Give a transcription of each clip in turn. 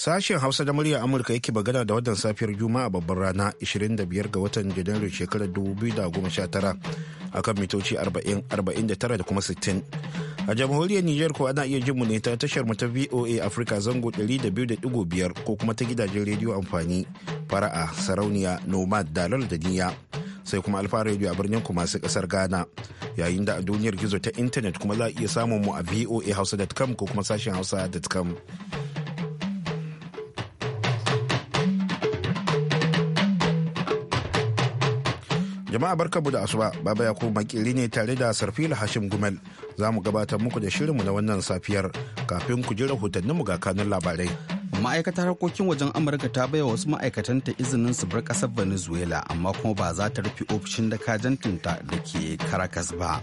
Sashen Hausa da muryar Amurka yake magana da wannan safiyar Juma'a babbar rana 25 ga watan Janairu shekarar 2019 akan mitoci 40 da kuma 60. A jamhuriyar Nijar ko ana iya jin mu ne ta tashar mu ta VOA Africa zango 200.5 ko kuma ta gidajen rediyo amfani fara'a sarauniya nomad dalar da niya sai kuma alfa radio a birnin ku masu kasar Ghana yayin da a duniyar gizo ta intanet kuma za a iya samun mu a voa hausa.com ko kuma sashen hausa.com. Jama'a barkamu da asuba, Baba Yakubu Makili ne tare da Sarfila Hashim Gumel. Za mu gabatar muku da shirinmu na wannan safiyar kafin ku ji rahotanninmu ga kanun labarai. Ma'aikatar harkokin wajen Amurka ta baiwa wasu ma'aikatanta izinin su bar ƙasar Venezuela amma kuma ba za ta rufe ofishin da kajantinta da ke Caracas ba.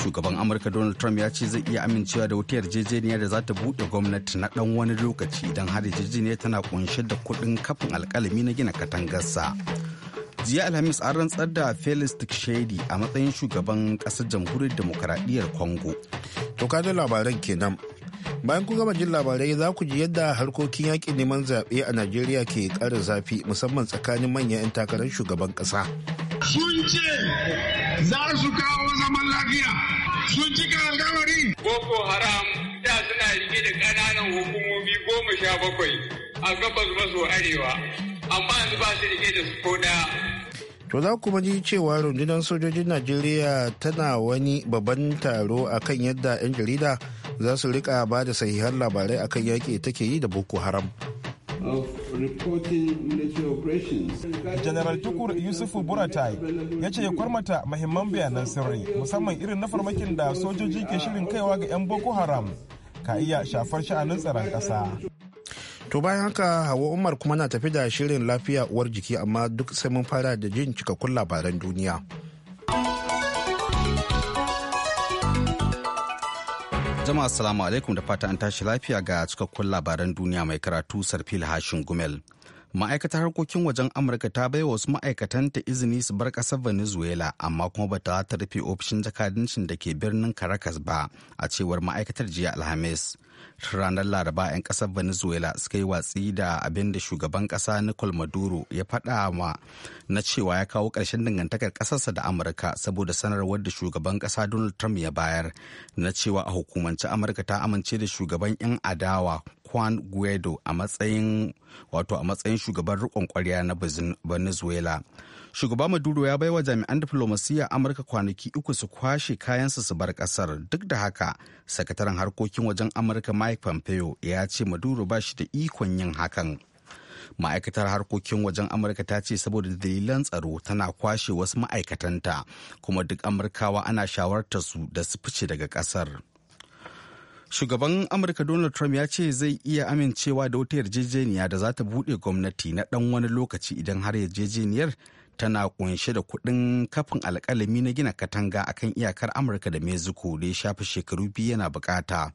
Shugaban Amurka Donald Trump ya ce zai iya amincewa da wata yarjejeniya da za ta buɗe gwamnati na ɗan wani lokaci idan har yarjejeniyar tana ƙunshe da kuɗin kafin alƙalami na gina katangarsa. jiya alhamis an rantsar da felix tikshedi a matsayin shugaban kasar jamhuriyar demokaradiyyar congo to kada labaran kenan bayan ku gama jin labarai za ku ji yadda harkokin yakin neman zaɓe a najeriya ke ƙara zafi musamman tsakanin manyan 'yan takarar shugaban ƙasa sun ce za su kawo zaman lafiya sun cika alkawari boko haram da suna rike da ƙananan hukumomi goma sha bakwai a gabas maso arewa amma yanzu ba shi da ko daya To za kuma ji cewa rundunar sojojin Najeriya tana wani babban taro a kan yadda 'yan jarida za su rika ba da sahihan labarai akan yaƙi take yi da Boko Haram. General Tukur Yusufu Buratai ya ce ya kwarmata mahimman bayanan sirri musamman irin na farmakin da sojoji ke shirin kaiwa ga 'yan Boko Haram ka iya shafar sha'anin tsaron ƙasa. To bayan haka hawa Umar kuma na tafi da shirin lafiya uwar jiki amma duk sai mun fara da jin cikakkun labaran duniya. Jama'a assalamu alaikum da fata an tashi lafiya ga cikakkun labaran duniya mai karatu Sarfil Hashin Gumel. ma'aikatar harkokin wajen amurka ta bai wasu ma'aikatanta izini su bar ƙasar venezuela amma kuma ba ta rufe ofishin jakadancin da ke birnin caracas ba a cewar ma'aikatar jiya alhamis ranar laraba 'yan ƙasar venezuela suka yi watsi da abin da shugaban kasa nicol maduro ya faɗa ma na cewa ya kawo ƙarshen dangantakar ƙasarsa da amurka saboda sanarwar da shugaban ƙasa donald trump ya bayar na cewa a hukumance amurka ta amince da shugaban 'yan adawa Juan Guaido a matsayin wato a matsayin shugaban rikon kwarya na Venezuela. Shugaba Maduro ya baiwa jami'an diflomasiyya Amurka kwanaki uku su kwashe kayansu su bar kasar. Duk da haka, sakataren harkokin wajen Amurka Mike Pompeo ya ce Maduro ba shi da ikon yin hakan. ma'aikatar harkokin wajen amurka ta ce saboda dalilan tsaro tana kwashe wasu ma'aikatanta kuma duk amurkawa ana shawartar su da su fice daga kasar Shugaban Amurka Donald Trump ya ce zai iya amincewa da wata yarjejeniya da za ta buɗe gwamnati na ɗan wani lokaci idan har yarjejeniyar tana kunshe da kuɗin kafin alƙalami na gina katanga a kan iyakar Amurka da Mexico da ya shafi shekaru biyu yana bukata.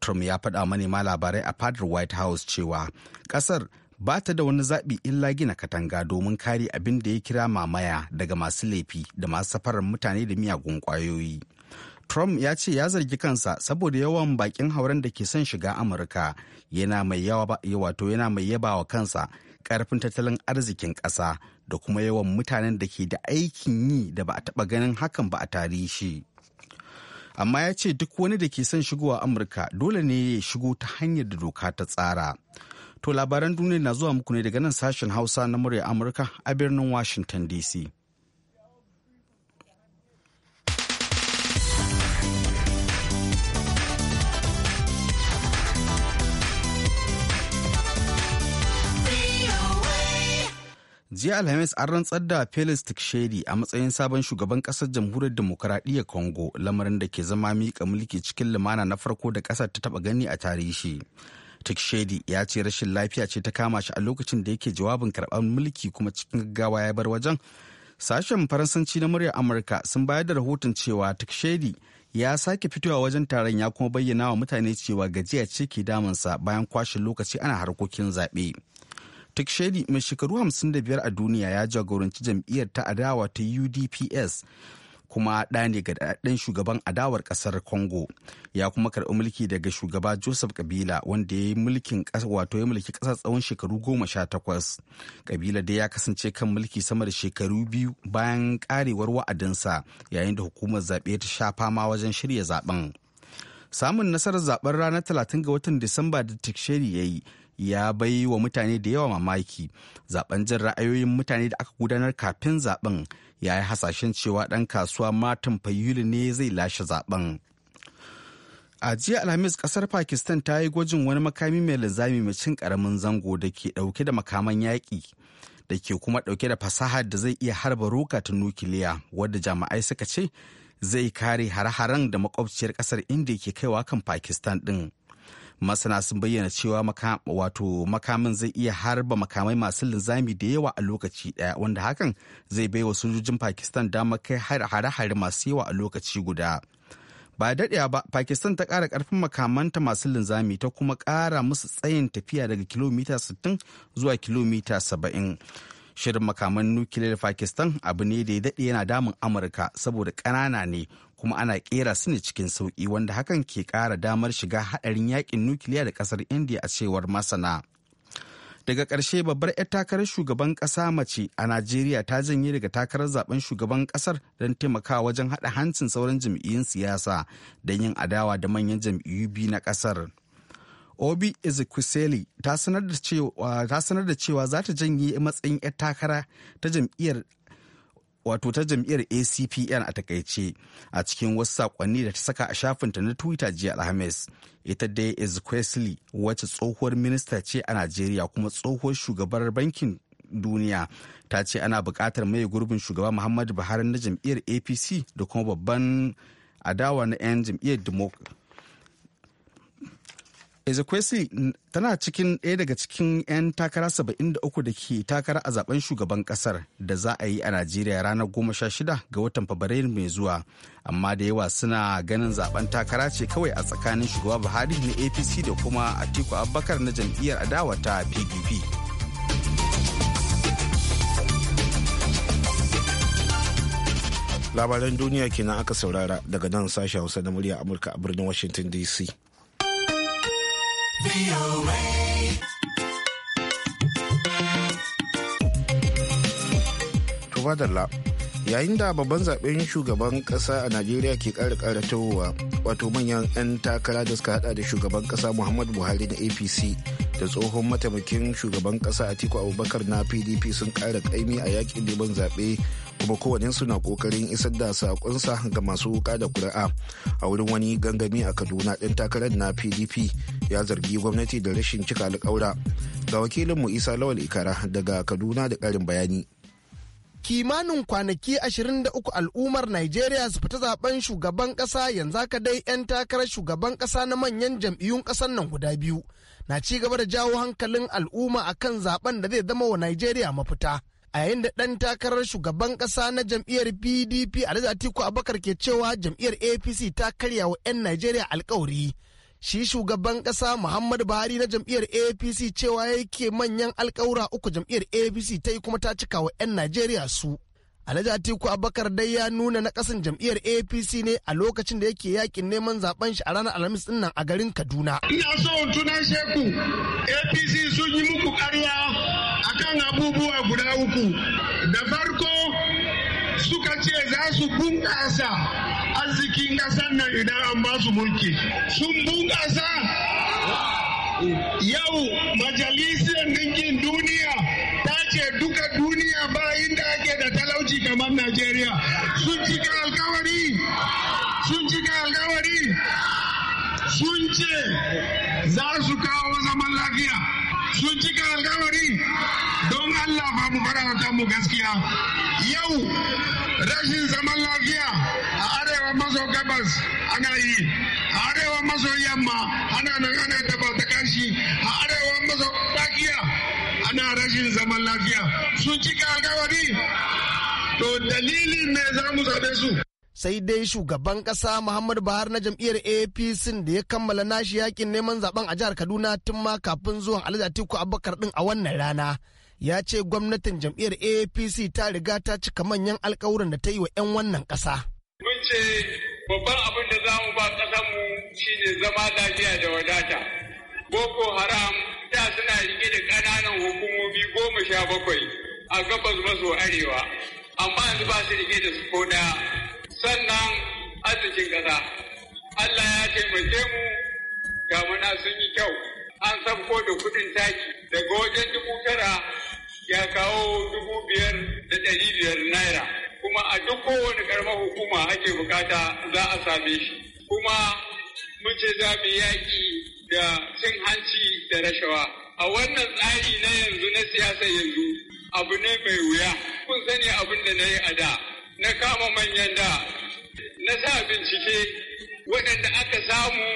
Trump ya faɗa manema labarai a fadar White House cewa ƙasar ba ta da wani zaɓi illa gina katanga domin kare abin da ya kira mamaya daga masu laifi da masu safarar mutane da miyagun ƙwayoyi. Trump ya ce ya zargi kansa saboda yawan bakin hauren da ke son shiga Amurka yana mai yawa wato yana mai yaba wa kansa karfin tattalin arzikin ƙasa da kuma yawan mutanen da ke da aikin yi da ba a taba ganin hakan ba a tarihi. Amma ya ce duk wani da ke son shigowa Amurka dole ne ya shigo ta hanyar da doka ta tsara. To labaran duniya na zuwa muku ne daga nan sashen Hausa na murya Amurka a birnin Washington DC. jiya alhamis an rantsar da felix tikshedi a matsayin sabon shugaban kasar jamhuriyar demokuraɗiyyar congo lamarin da ke zama miƙa mulki cikin lumana na farko da ƙasar ta taɓa gani a tarihi tikshedi ya ce rashin lafiya ce ta kama shi a lokacin da yake jawabin karɓar mulki kuma cikin gaggawa ya bar wajen sashen faransanci na muryar amurka sun bayar da rahoton cewa tikshedi ya sake fitowa wajen taron ya kuma bayyana wa mutane cewa gajiya ce ke damunsa bayan kwashe lokaci ana harkokin zaɓe. Tikshedi mai shekaru 55 a duniya ya jagoranci jam'iyyar ta adawa ta UDPS kuma ɗa ne ga ɗan shugaban adawar ƙasar Congo ya kuma karɓi mulki daga shugaba Joseph Kabila wanda ya yi mulkin wato ya mulki ƙasar tsawon shekaru goma sha takwas. Kabila dai ya kasance kan mulki sama da shekaru biyu bayan ƙarewar wa'adinsa yayin da hukumar zaɓe ta sha fama wajen shirya zaɓen. Samun nasarar zaben ranar 30 ga watan Disamba da Tikshiri ya yi ya bai wa mutane da yawa mamaki zaben jin ra'ayoyin mutane da aka gudanar kafin zaben ya yi hasashen cewa ɗan kasuwa martin fayuli ne zai lashe zaben a jiya alhamis kasar pakistan ta yi gwajin wani makami mai linzami mai cin karamin zango da ke dauke da makaman yaƙi da ke kuma dauke da fasahar da zai iya harba roka ta nukiliya wadda jami'ai suka ce zai kare hare-haren da makwabciyar kasar india ke kaiwa kan pakistan din masana sun bayyana cewa wato makamin zai iya harba makamai masu linzami da yawa a lokaci daya wanda hakan zai bai wa sojojin pakistan damar kai hare-hare masu yawa a lokaci guda ba daɗewa ba pakistan ta ƙara ƙarfin makamanta masu linzami ta kuma ƙara musu tsayin tafiya daga kilomita 60 zuwa kilomita 70 shirin makaman nukiliyar pakistan abu ne da ya daɗe yana damun amurka saboda ƙanana ne kuma ana kera su ne cikin sauki wanda hakan ke kara damar shiga hadarin yakin nukiliya da kasar india a cewar masana daga ƙarshe babbar 'yar takarar shugaban ƙasa mace a najeriya ta janye daga takarar zaben shugaban ƙasar don taimakawa wajen haɗa hancin sauran jam'iyyun siyasa don yin adawa da manyan jam'iyyu biyu na ƙasar obi ezekwesili ta sanar da cewa za ta janye matsayin 'yar takara ta jam'iyyar wato ta jam'iyyar acpn a takaice a cikin wasu sakonni da ta saka a shafinta na twitter jiya alhamis ita dai ezquesli wacce tsohuwar minista ce a najeriya kuma tsohuwar shugabar bankin duniya ta ce ana buƙatar mai gurbin shugaba muhammadu buhari na jam'iyyar apc da kuma babban adawa na 'yan jam'iyyar ezekwesi tana cikin ɗaya daga cikin 'yan takara 73 da ke takara a zaben shugaban kasar da za a yi a najeriya ranar 16 ga watan fabrairu mai zuwa amma da yawa suna ganin zaben takara ce kawai a tsakanin shugaba buhari na apc da kuma atiku abubakar na jam'iyyar adawa ta pdp labaran duniya kenan aka saurara daga nan sashen hausa na murya amurka a birnin washington dc Tubadalla yayin da babban zaben shugaban kasa a najeriya ke ƙara tawowa wato manyan 'yan takara da suka hada da shugaban kasa muhammad buhari na apc da tsohon mataimakin shugaban kasa atiku abubakar na pdp sun ƙara ƙaimi a yakin neman zaɓe kuma kowanensu na kokarin isar da sakonsa ga masu wuka da kuri'a a wurin wani gangami a kaduna ɗin takarar na pdp ya zargi gwamnati da rashin cika alƙawura ga wakilinmu isa lawal ikara daga kaduna da ƙarin bayani kimanin kwanaki 23 al'ummar Najeriya su fita zaben shugaban ƙasa yanzu haka dai 'yan takarar shugaban ƙasa na manyan jam'iyyun kasar nan guda biyu na ci gaba da jawo hankalin al'umma akan zaben da zai zama wa Najeriya mafita. a yayin da ɗan takarar shugaban ƙasa na jam'iyyar pdp alhaji atiku abakar ke cewa jam'iyyar apc ta karya wa 'yan najeriya alkawari shi shugaban ƙasa muhammadu buhari na jam'iyyar apc cewa yake manyan alkawura uku jam'iyyar apc ta yi kuma ta cika wa 'yan najeriya su alhaji atiku abakar dai ya nuna na ƙasan jam'iyyar apc ne a lokacin da yake yakin neman zaben shi a ranar alhamis din nan a garin kaduna ina so tunan sheku apc sun yi muku karya waɗannan abubuwa guda uku da farko suka ce za su bunƙasa arzikin ƙasar nan idan an ba su mulki sun bunƙasa yau majalisar ɗinkin duniya ta ce duka duniya ba inda ake da talauci kamar najeriya sun cika alkawari sun cika alkawari sun ce za su kawo zaman lafiya sun cika alkawari don Allah fa mu faranta mu gaskiya yau rashin zaman lafiya a arewa maso gabas ana yi a arewa maso yamma ana nan ana daba ta kashi a arewa maso tsakiya ana rashin zaman lafiya sun cika alkawari to dalilin ne za mu zaɓe su sai dai shugaban kasa muhammad buhari na jam'iyyar apc da ya kammala nashi yakin neman zaben a jihar kaduna tun ma kafin zuwan alhaji atiku abubakar din a wannan rana ya ce gwamnatin jam'iyyar apc ta riga ta cika manyan alkawuran da ta yi wa 'yan wannan kasa mun ce babban abin da za mu ba kasanmu shine zama lafiya da wadata boko haram da suna rike da ƙananan hukumomi goma sha bakwai a gabas maso arewa amma yanzu ba su rike da su ko ɗaya sannan arzikin ƙasa. Allah ya taimake mu damuna sun yi kyau an sabko da kuɗin taki daga wajen dubu tara ya kawo dubu biyar da ɗari biyar naira kuma a duk kowane ƙaramar hukuma ake bukata za a same shi kuma mun ce za mu yaƙi da cin hanci da rashawa a wannan tsari na yanzu na siyasa yanzu abu ne mai wuya kun sani abin da na yi a da na kama manyan da na sa bincike waɗanda aka samu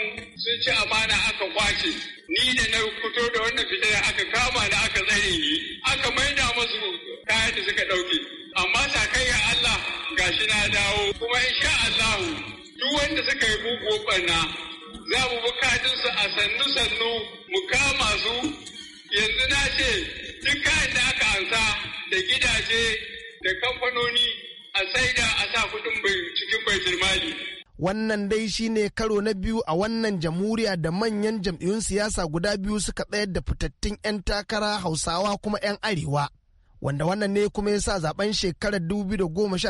sun ci amana aka kwace ni da na fito da wannan fitar aka kama da aka tsare ni aka maida masu kayan da suka ɗauke amma sakayya Allah ga shi na dawo kuma sha Allahu duk wanda suka yi bugu ɓanna za mu su a sannu-sannu mu kama su yanzu na ce duk kayan da aka ansa da gidaje da kamfanoni a saida a sa kuɗin cikin baitul mali wannan dai shine karo na biyu a wannan jamhuriya da manyan jam'iyyun siyasa guda biyu suka tsayar da fitattun 'yan takara hausawa kuma 'yan arewa wanda wannan ne kuma ya sa zaben shekarar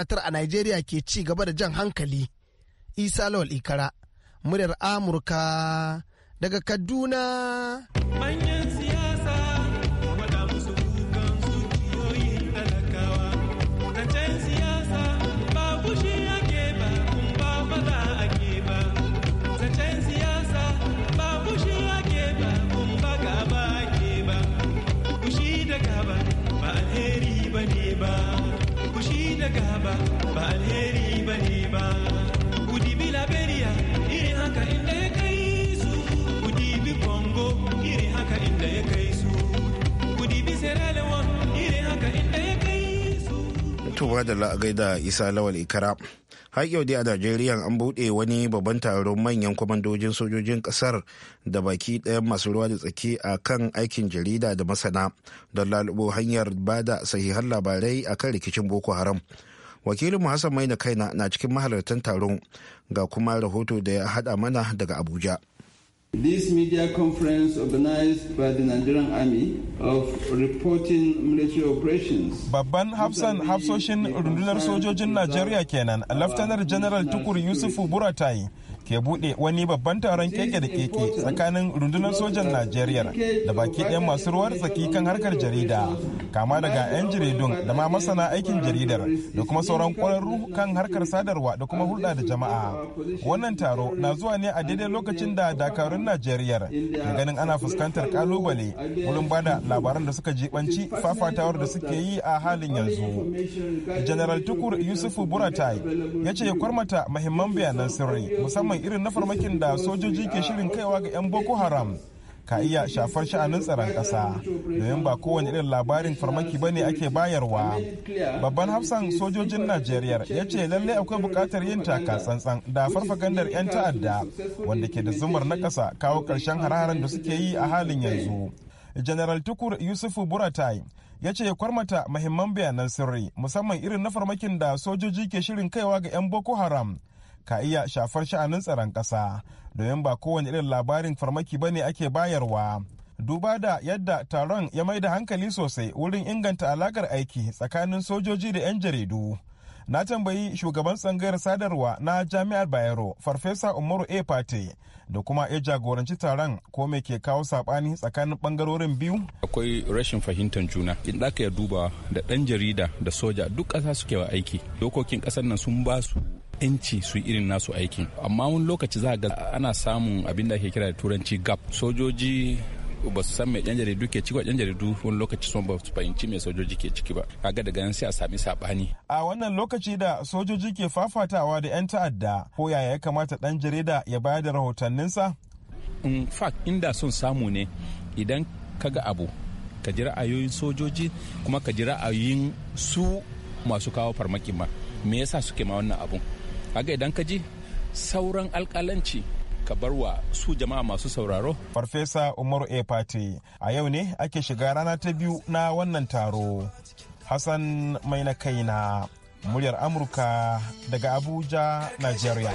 tara a najeriya ke ci gaba da jan hankali isa lawal ikara muryar amurka daga kaduna manyan kuma da la'agai gaida Isa Lawal Ikara. Har yau dai a Najeriya an buɗe wani babban taron manyan kwamandojin sojojin ƙasar da baki ɗayan masu ruwa da tsaki a kan aikin jarida da masana don lalubo hanyar ba da sahihan labarai a kan rikicin Boko Haram. Wakilin mu Hassan na Kaina na cikin mahalartan taron ga kuma rahoto da ya haɗa mana daga Abuja. This media conference organized by the Nigerian Army of reporting military operations. Babban hafsan hafsoshin rundunar sojojin Najeriya kenan, Laftanar General Tukur Yusufu Buratai ke bude wani babban taron keke da keke tsakanin rundunar sojan najeriya da baki ɗayan masu ruwar tsaki kan harkar jarida kama daga 'yan jaridun da ma masana aikin jaridar da kuma sauran ƙwararru kan harkar sadarwa da kuma hulɗa da jama'a wannan taro na zuwa ne a daidai lokacin da dakarun najeriya ke ganin ana fuskantar kalubale wurin bada labaran da suka jibanci fafatawar da suke yi a halin yanzu general tukur yusufu buratai ya ce ya kwarmata mahimman bayanan sirri musamman musamman irin na farmakin da sojoji ke shirin kaiwa ga 'yan boko haram ka iya shafar sha'anin tsaron ƙasa domin ba kowane irin labarin farmaki ba ne ake bayarwa babban hafsan sojojin najeriya ya ce lalle akwai buƙatar yin taka tsantsan da farfagandar 'yan ta'adda wanda ke da zumar na kasa kawo karshen hararen da suke yi a halin yanzu general tukur yusufu buratai ya ce ya kwarmata mahimman bayanan sirri musamman irin na farmakin da sojoji ke shirin kaiwa ga 'yan boko haram ka iya shafar sha'anin tsaron ƙasa domin ba kowane irin labarin farmaki ba ne ake bayarwa duba da yadda taron ya mai da hankali sosai wurin inganta alakar aiki tsakanin sojoji da 'yan jaridu na tambayi shugaban tsangayar sadarwa na jami'ar bayero farfesa umaru a pate da kuma ya jagoranci taron ko me ke kawo saɓani tsakanin bangarorin biyu akwai rashin fahimtar juna in ɗaka ya duba da ɗan jarida da soja duk ƙasa suke wa aiki dokokin ƙasar nan sun basu. 'yanci su irin nasu aikin amma wani lokaci za ga ana samun abin da ake kira da turanci gap sojoji ba su san mai yan jaridu ke ciki ba yan jaridu wani lokaci sun ba su fahimci mai sojoji ke ciki ba kaga daga nan sai a sami sabani a wannan lokaci da sojoji ke fafatawa da yan ta'adda ko yaya ya kamata dan jarida ya bayar da rahotanninsa in fact inda sun samu ne idan ka ga abu ka ji ra'ayoyin sojoji kuma ka ji ra'ayoyin su masu kawo farmakin ma me yasa suke ma wannan abun kaga idan ka ji sauran alkalanci ka bar wa su jama'a masu sauraro. Farfesa Umaru epate a yau ne ake shiga rana ta biyu na wannan taro. Hassan mai na kaina muryar Amurka daga Abuja, Nigeria.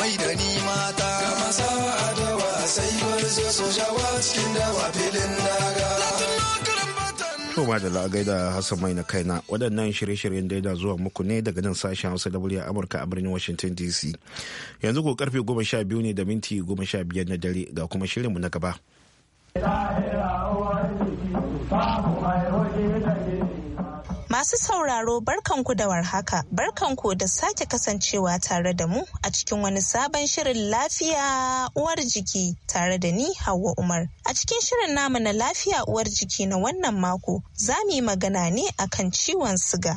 mai da ni mata. Ga masu sai soja wa cikin dawa filin daga. To ma da la'agai da Hassan mai na kaina waɗannan shirye-shiryen daida zuwa muku ne daga nan sashen Hausa da wuri a Amurka a birnin Washington DC. Yanzu ko karfe goma sha biyu ne da minti goma sha biyar na dare ga kuma shirinmu na gaba. Masu sauraro barkanku da warhaka, barkanku da sake kasancewa tare da mu a cikin wani sabon shirin lafiya uwar jiki tare da ni Hauwa Umar. A cikin shirin namu na lafiya uwar jiki na wannan mako, za mu yi magana ne akan ciwon siga.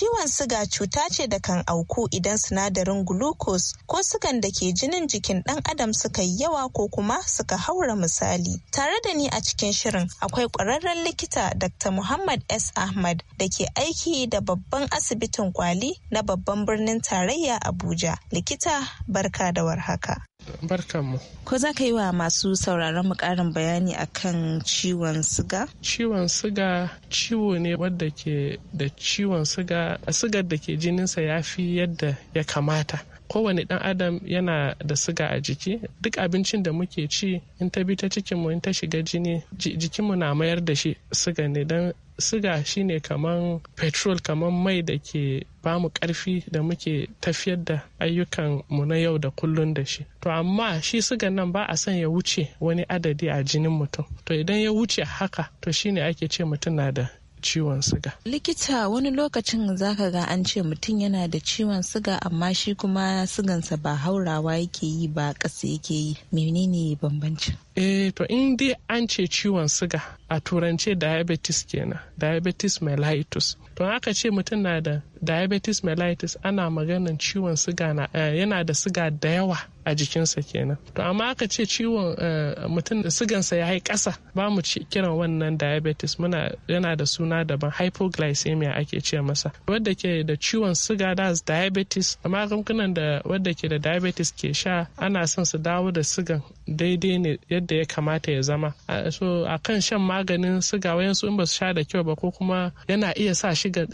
Ciwon suga cuta ce da kan auku idan sinadarin glucose ko sugan da ke jinin jikin ɗan adam suka yi yawa ko kuma suka haura misali. Tare da ni a cikin shirin akwai ƙwararren likita Dr. Muhammad S. Ahmad da ke aiki da babban asibitin kwali na babban birnin tarayya Abuja. Likita barka da warhaka. barkanmu. Ko za ka yi wa masu sauraron mu karin bayani akan ciwon siga? Ciwon siga ciwo ne wadda ke da ciwon siga, sigar da ke jininsa ya fi yadda ya kamata. kowane dan adam yana da siga a jiki duk abincin da muke ci in ta bi ta cikinmu in ta shiga jini jikinmu na mayar da shi siga ne don siga shine kaman petrol kaman mai da ke bamu mu karfi da muke tafiyar da ayyukan mu na yau da kullun da shi to amma shi sigan nan ba a son ya wuce wani adadi a jinin mutum to idan ya wuce haka to shine ake ce mutum na da ciwon siga. Likita wani lokacin zaka ga an ce mutum yana da ciwon siga amma shi kuma sigansa ba haurawa yake yi ba ƙasa yake yi menene bambancin? Eh to in dai an ce ciwon siga a turance diabetes kenan diabetes mellitus to aka ce mutum na da diabetes mellitus ana maganan ciwon siga na eh, yana da siga da yawa a jikinsa kenan to amma aka ce ciwon eh, mutum da sigansa ya yi ƙasa ba mu kiran wannan diabetes muna yana da suna daban hypoglycemia ake ce masa wadda ke da ciwon siga da diabetes amma gankunan da wadda ke da diabetes ke sha ana son su dawo da sigan daidai ne yadda ya kamata ya zama so a kan shan maganin siga wayansu in ba su sha da kyau ba ko kuma yana iya sa sigan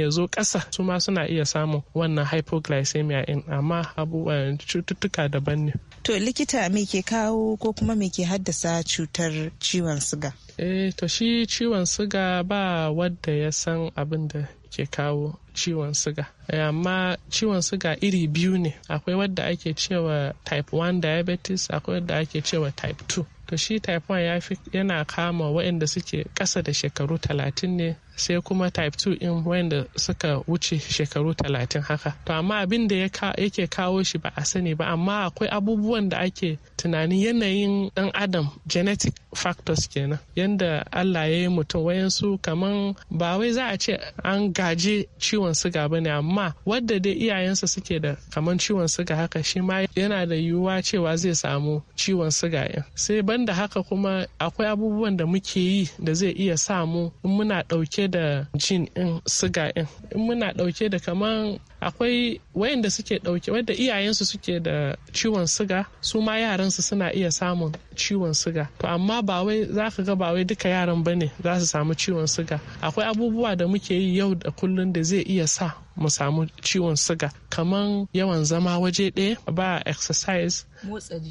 ya zo ƙasa su ma suna iya samun wannan hypoglycemia in amma abubuwan cututtuka daban ne. To likita me ke kawo ko kuma me ke haddasa cutar ciwon siga? Eh to shi ciwon siga ba wadda ya san abin da ke kawo ciwon siga eh, amma ciwon siga iri biyu ne akwai wadda ake cewa type 1 diabetes akwai wadda ake cewa type 2 to shi type fi yana kama waɗanda suke ƙasa da shekaru talatin ne sai kuma type 2 in waɗanda suka wuce shekaru talatin haka to amma abin da yake kawo shi ba a sani ba amma akwai abubuwan da ake tunanin yanayin ɗan adam genetic factors kenan yanda allah ya yi mutum wayansu kaman ba wai za a ce an gaji ciwon siga bane amma wadda dai iyayensa suke da kaman ciwon siga haka shi ma yana da yiwuwa cewa zai samu ciwon siga sai banda haka kuma akwai abubuwan da muke yi da zai iya samu in muna dauke da jin in siga in muna dauke da kaman akwai wayanda suke dauke wadda iyayensu suke da ciwon siga su ma yaransu suna iya samun ciwon siga to amma ba wai za ka ga ba wai duka yaran bane za su samu ciwon suga akwai abubuwa da muke yi yau da kullun da zai iya sa mu samu ciwon siga kaman yawan zama waje ɗaya ba exercise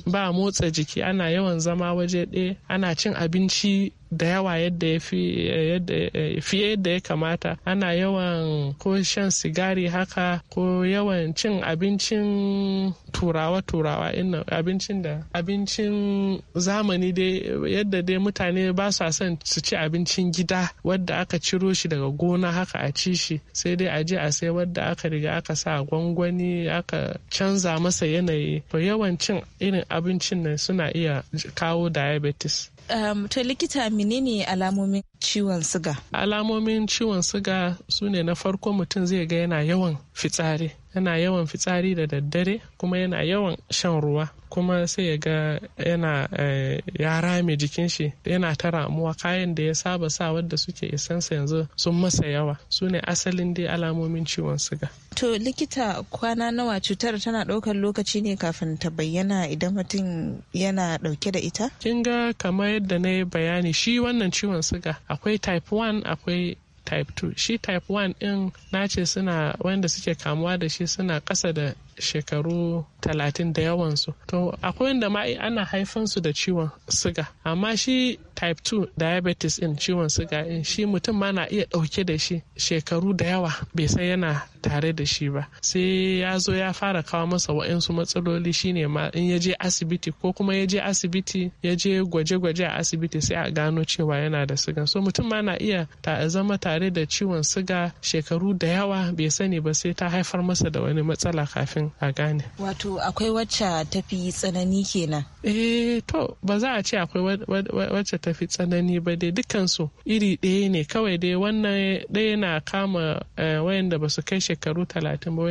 ba motsa jiki ana yawan zama waje ɗaya ana cin abinci da yawa yadda ya eh, fiye yadda ya kamata ana yawan ko shan sigari haka ko yawan cin abincin turawa turawa inna abincin da abincin zamani dai yadda dai mutane ba su son su ci abincin gida wadda aka ciro shi daga gona haka a ci shi sai dai a je a sai wadda aka riga aka sa gwangwani aka canza masa yanayi to yawan cin irin abincin nan suna iya kawo diabetes um, to likita menene alamomin ciwon siga alamomin ciwon siga su ne na farko mutum zai ga yana yawan fitsari yana yawan fitsari da daddare kuma yana yawan shan ruwa kuma sai ya ga yana eh, ya rame jikin shi yana ta ramuwa kayan da ya saba sa wadda suke isansa yanzu sun masa yawa su ne asalin dai alamomin ciwon suga. to likita kwana nawa cutar tana ɗaukar lokaci ne kafin ta bayyana idan mutum yana ɗauke da ita kin ga kamar yadda na yi bayani shi wannan ciwon suga akwai type 1 akwai type 2 shi type 1 din nace suna wanda suke kamuwa da shi suna ƙasa da shekaru talatin da yawansu to akwai wanda ma ana haifansu da ciwon suga amma shi type 2 diabetes in ciwon suga in shi mutum ma na iya ɗauke da shi shekaru da yawa bai san yana tare da shi ba sai ya zo ya fara kawo masa wa'insu matsaloli shine ma in ya je asibiti ko kuma yaje asibiti ya je gwaje-gwaje a asibiti sai a gano cewa yana da suga so mutum ma na iya ta zama tare da ciwon suga shekaru da yawa bai sani ba sai ta haifar masa da wani matsala kafin a gane. Wato akwai wacce tafi tsanani kenan. Eh to ba za a ce akwai wacce tafi tsanani ba dai dukansu iri ɗaya ne kawai dai wannan ɗaya na kama eh, wayanda ba su kai shekaru talatin ba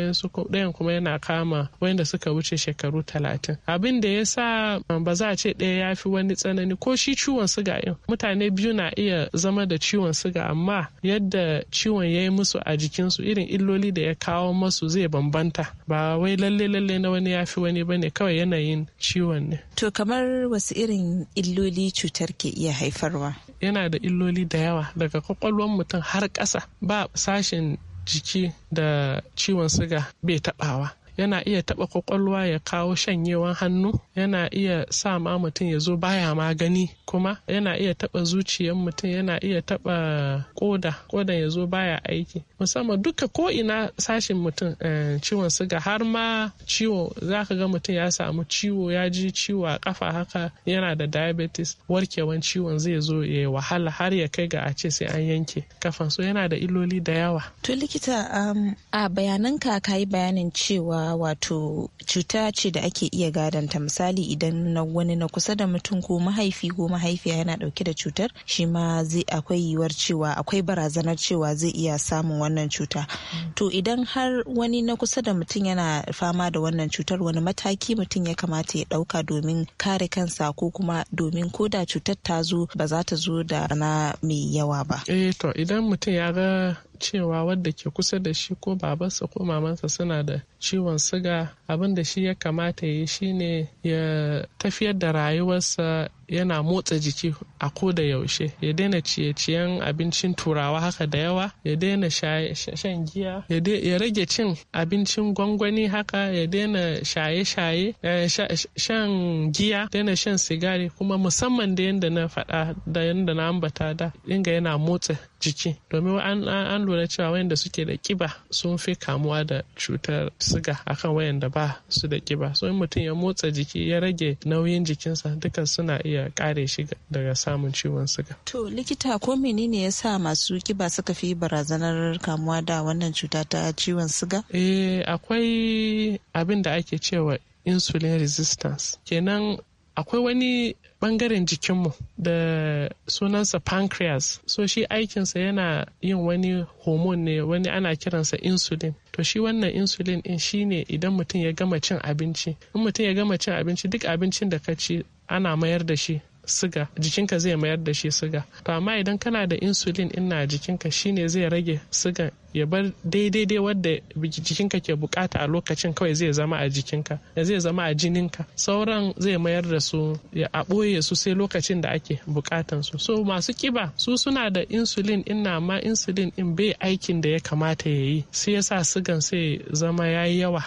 ɗayan kuma yana kama wayanda suka wuce shekaru talatin. Abin da ya sa eh, ba za a ce ɗaya ya fi wani tsanani ko shi ciwon suga yin mutane biyu na iya zama da ciwon suga amma yadda ciwon ya yi musu a jikinsu irin illoli da ya kawo masu zai bambanta ba wai lalle lalle na wani ya fi wani bane kawai yanayin ciwon ne to kamar wasu irin illoli cutar ke iya haifarwa yana da illoli da yawa daga kwakwalwar mutum har ƙasa ba sashen jiki da ciwon suga bai taɓawa yana iya taɓa kwakwalwa ya kawo shanyewan hannu yana iya sa ma mutum ya zo baya magani kuma yana iya taɓa zuciyar mutum yana iya taɓa koda koda ya zo baya aiki musamman duka ko ina sashin mutum eh, ciwon suga har ma ciwo za ka ga mutum ya samu ciwo ya ji ciwo a kafa haka yana da diabetes warkewan ciwon zai zo ya wahala har ya kai ga a ce sai an yanke kafan so yana da iloli da yawa to likita um, a bayananka ka yi bayanin cewa wato cuta ce da ake iya gadanta misali idan na wani na kusa da mutum ko mahaifi ko mahaifiya yana dauke da cutar shi ma zai akwai yiwuwar cewa akwai barazanar cewa zai iya samun wannan cuta mm. to idan har wani na kusa da mutum yana fama da wannan cutar wani mataki mutum ya kamata ya dauka domin kare kansa ko kuma domin ko da cutar ta zo ba za ta zo da na mai yawa ba eh to idan mutum ya ga cewa wadda ke kusa da shi ko babansa ko mamansa suna da ciwon suga abin da shi ya kamata ya yi shine ya tafiyar da rayuwarsa yana motsa jiki a ko da yaushe ya daina ciye-ciyen abincin turawa haka da yawa ya daina shan giya ya rage cin abincin gwangwani haka ya daina shaye-shaye eh, shan giya daina shan sigari kuma musamman da yadda na faɗa da yadda na ambata da inga yana motsa jiki domin an lura cewa wayanda suke da kiba sun fi kamuwa da cutar siga akan wayanda ba su da kiba so in mutum ya motsa jiki ya rage nauyin jikinsa dukan suna iya iya kare shi daga samun ciwon suga. To likita ko menene ya sa masu kiba suka fi barazanar kamuwa da wannan cuta ta ciwon suga? Eh akwai abin da ake cewa insulin resistance. Kenan akwai wani bangaren jikinmu da sunansa pancreas so shi aikinsa yana yin wani hormone ne wani ana kiransa insulin to shi wannan insulin din shine idan mutum ya gama cin abinci in mutum ya gama cin abinci duk abincin da ka ci ana mayar da shi siga jikinka zai mayar da shi siga to amma idan kana da insulin ina jikinka shine zai rage sigan ya bar daidai dai wadda jikinka ke bukata a lokacin kawai zai zama a jikinka zai zama a jininka sauran zai mayar da su ya a ɓoye su sai lokacin da ake bukatan su so masu kiba su suna da insulin in ma insulin in bai aikin da ya kamata ya yi sai yasa sigan sai zama yayi yawa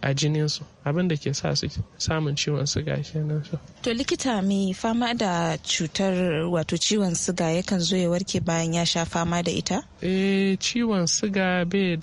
a jinin su abin da ke sa su samun ciwon suga kenan so. To likita mai fama da cutar wato ciwon suga yakan zo ya warke bayan ya sha fama da ita? Eh ciwon suga bai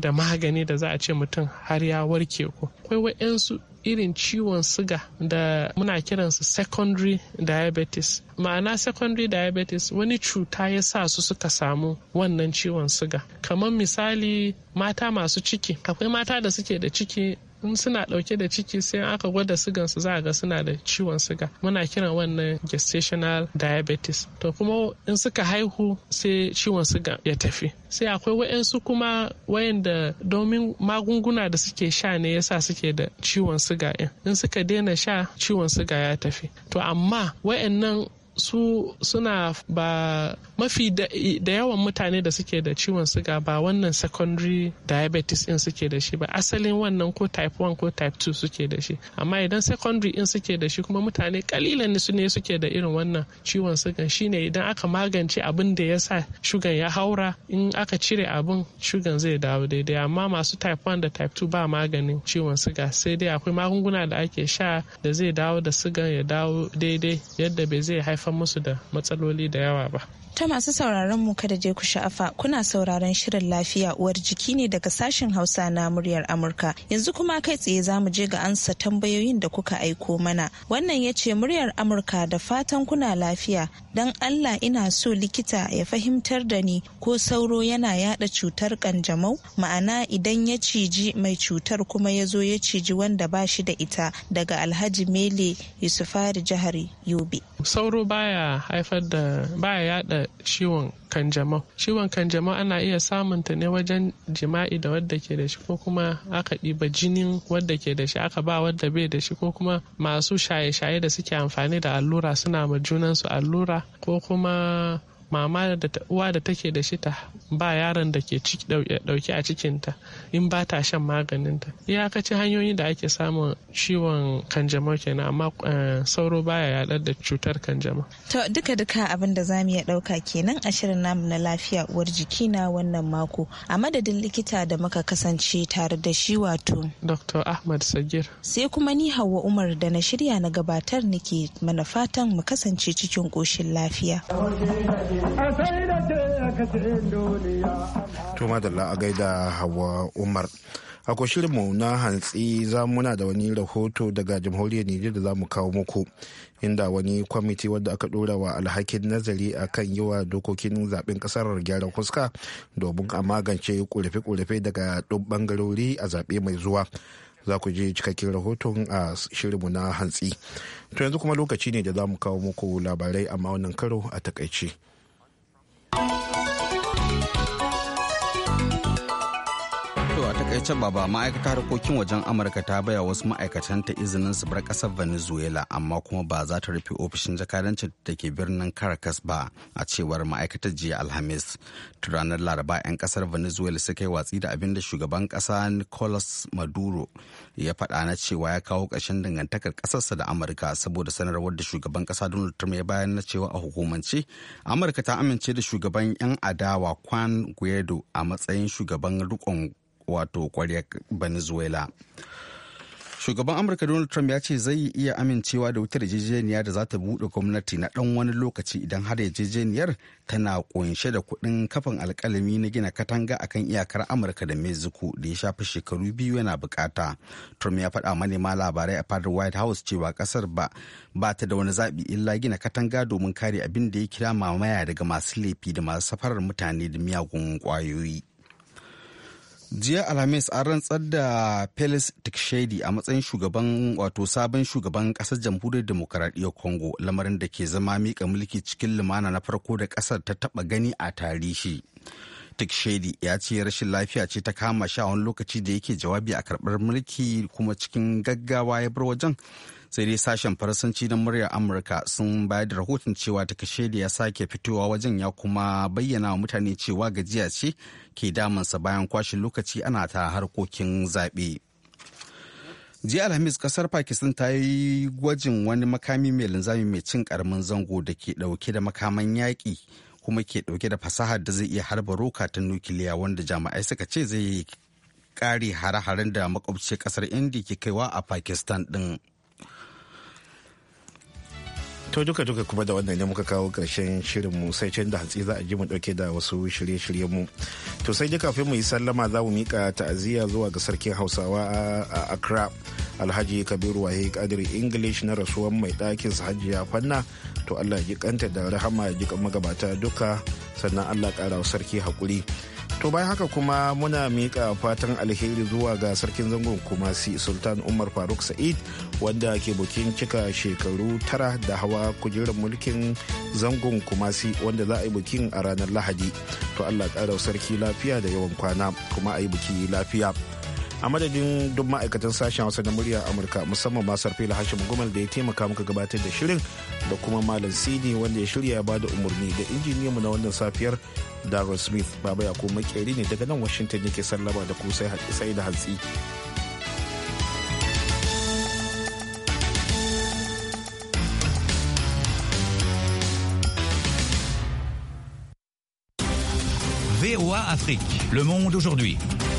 da magani da za a ce mutum har ya warke ko. Akwai wa'yansu irin ciwon suga da muna kiransu secondary diabetes ma'ana secondary diabetes wani cuta ya sa su suka samu wannan ciwon suga kamar misali mata masu ciki akwai mata da suke da ciki in suna dauke da ciki sai aka gwada sigan su za a ga suna da ciwon siga muna kiran wannan gestational diabetes to kuma in suka haihu sai ciwon siga ya tafi sai akwai wayansu kuma wayanda domin magunguna da suke sha ne yasa suke da ciwon siga in suka daina sha ciwon siga ya tafi to amma wayannan su suna ba mafi da yawan mutane da suke da ciwon suga ba wannan secondary diabetes in suke da shi ba asalin wannan ko type 1 ko type 2 suke da shi amma idan secondary in suke da shi kuma mutane kalilan su ne suke da irin wannan ciwon sugan shine idan aka magance abin da ya sa shugan ya haura in aka cire abin shugan zai dawo daidai amma masu type 1 da type 2 ba maganin ciwon suga sai dai akwai magunguna da ake sha da zai dawo da sugan ya dawo daidai yadda bai zai haifa haifar musu da matsaloli da yawa ba Ta masu sauraron mu kada je ku sha'afa kuna sauraron shirin lafiya uwar jiki ne daga sashen Hausa na muryar Amurka. Yanzu kuma kai tsaye za mu je ga ansa tambayoyin da kuka aiko mana. Wannan ya ce muryar Amurka da fatan kuna lafiya. Don Allah ina so likita ya fahimtar da ni ko sauro yana yada cutar kanjamau ma'ana idan ya ciji mai cutar kuma ya zo ya ciji wanda ba shi da ita daga Alhaji Mele Yusufari jihar Yobe. Sauro baya haifar da baya yada ciwon kanjamau ciwon kanjamau ana iya samun ta ne wajen jima'i da wadda ke da shi ko kuma aka ɗiba jinin wadda ke da shi aka ba wadda bai da shi ko kuma masu shaye-shaye da suke amfani da allura suna ma junansu allura ko kuma mama da uwa da take da shi ta ba yaron da ke dauke a cikinta in ba ta shan maganinta iyakacin hanyoyin da ake samun ciwon kanjamau kenan amma eh, sauro baya yadar da cutar kanjamau to duka duka abin da zamu iya dauka kenan a shirin namu na lafiya uwar jiki na wannan mako a madadin likita da muka kasance tare da shi wato dr ahmad sagir sai kuma ni hawa umar da na shirya na gabatar nake mana fatan mu kasance cikin koshin lafiya. Tuma da a gaida Hawa Umar. A shirinmu na hantsi za muna da wani rahoto daga jamhuriyar Nijar da za mu kawo muku inda wani kwamiti wadda aka dora wa alhakin nazari a kan yi wa dokokin zaben kasar gyaran fuska domin a magance kurafe-kurafe daga ɗin bangarori a zaɓe mai zuwa. za ku je cikakken rahoton a shirinmu na hantsi to yanzu kuma lokaci ne da za mu kawo muku labarai amma wannan karo a takaice. Thank you. ba ba ma'aikatar harkokin wajen amurka ta baya wasu ta izinin su bar kasar venezuela amma kuma ba za ta rufe ofishin jakadancin da ke birnin caracas ba a cewar ma'aikatar jiya alhamis ranar laraba 'yan kasar venezuela suka yi watsi da abin da shugaban kasa nicolas maduro ya faɗa na cewa ya kawo ƙarshen dangantakar ƙasarsa da amurka saboda sanarwar da shugaban kasa donald trump ya bayan na cewa a hukumance amurka ta amince da shugaban 'yan adawa kwan guaido a matsayin shugaban rikon wato kwaryar venezuela shugaban amurka donald trump ya ce zai iya amincewa da wutar yarjejeniya da za ta buɗe gwamnati na ɗan wani lokaci idan har yarjejeniyar tana kunshe da kuɗin kafin alkalami na gina katanga a kan iyakar amurka da mexico da ya shafi shekaru biyu yana bukata trump ya faɗa manema labarai a fadar white house cewa ƙasar ba ba ta da wani zaɓi illa gina katanga domin kare abin da ya kira mamaya daga masu laifi da masu safarar mutane da miyagun ƙwayoyi jiya alhamis an rantsar da felix tikshedi a matsayin shugaban wato sabon shugaban kasar jamhuriyar demokaradiyyar congo lamarin da ke zama mika mulki cikin lumana na farko da kasar ta taba gani a tarihi tikshedi ya ce rashin lafiya ce ta kama shi wani lokaci da yake jawabi a karbar mulki kuma cikin gaggawa ya bar wajen sai dai sashen faransanci na muryar amurka sun bayar da rahoton cewa ta da ya sake fitowa wajen ya kuma bayyana wa mutane cewa gajiya ce ke damansa bayan kwashe lokaci ana ta harkokin zaɓe. jiya alhamis kasar pakistan ta yi gwajin wani makami mai linzami mai cin karamin zango da ke dauke da makaman yaƙi kuma ke dauke da fasahar da zai iya harba roka ta nukiliya wanda jama'ai suka ce zai kare hare-haren da makwabci kasar indiya ke kaiwa a pakistan din to duka duka kuma da wannan ne muka kawo karshen shirin mu sai can da hatsi za a ji mu dauke da wasu shirye-shiryen mu to sai duka kafin mu yi sallama za mu mika ta'aziyya zuwa ga sarkin hausawa a accra alhaji kabiru wahi kadiri english na rasuwan mai ɗakin sa hajiya fanna to allah ya ji kanta da rahama ya ji magabata duka sannan allah ƙara sarki hakuri. to bayan haka kuma muna miƙa fatan alheri zuwa ga sarkin zangon kumasi sultan umar faruk sa'id wanda ke bukin cika shekaru tara da hawa kujerar mulkin zangon kumasi wanda za a yi bukin a ranar lahadi to allah ƙara sarki lafiya da yawan kwana kuma a yi buki lafiya a madadin duk ma'aikatan sashen hausa na murya amurka musamman ma sarfila hashim gumal da ya taimaka muka gabatar da shirin da kuma malam sidi wanda ya shirya ya da umarni da injiniyanmu na wannan safiyar Darrell Smith baba ya kuma makeri ne daga nan Washington yake sallaba da ku sai da hantsi. VOA Afrique, le monde aujourd'hui.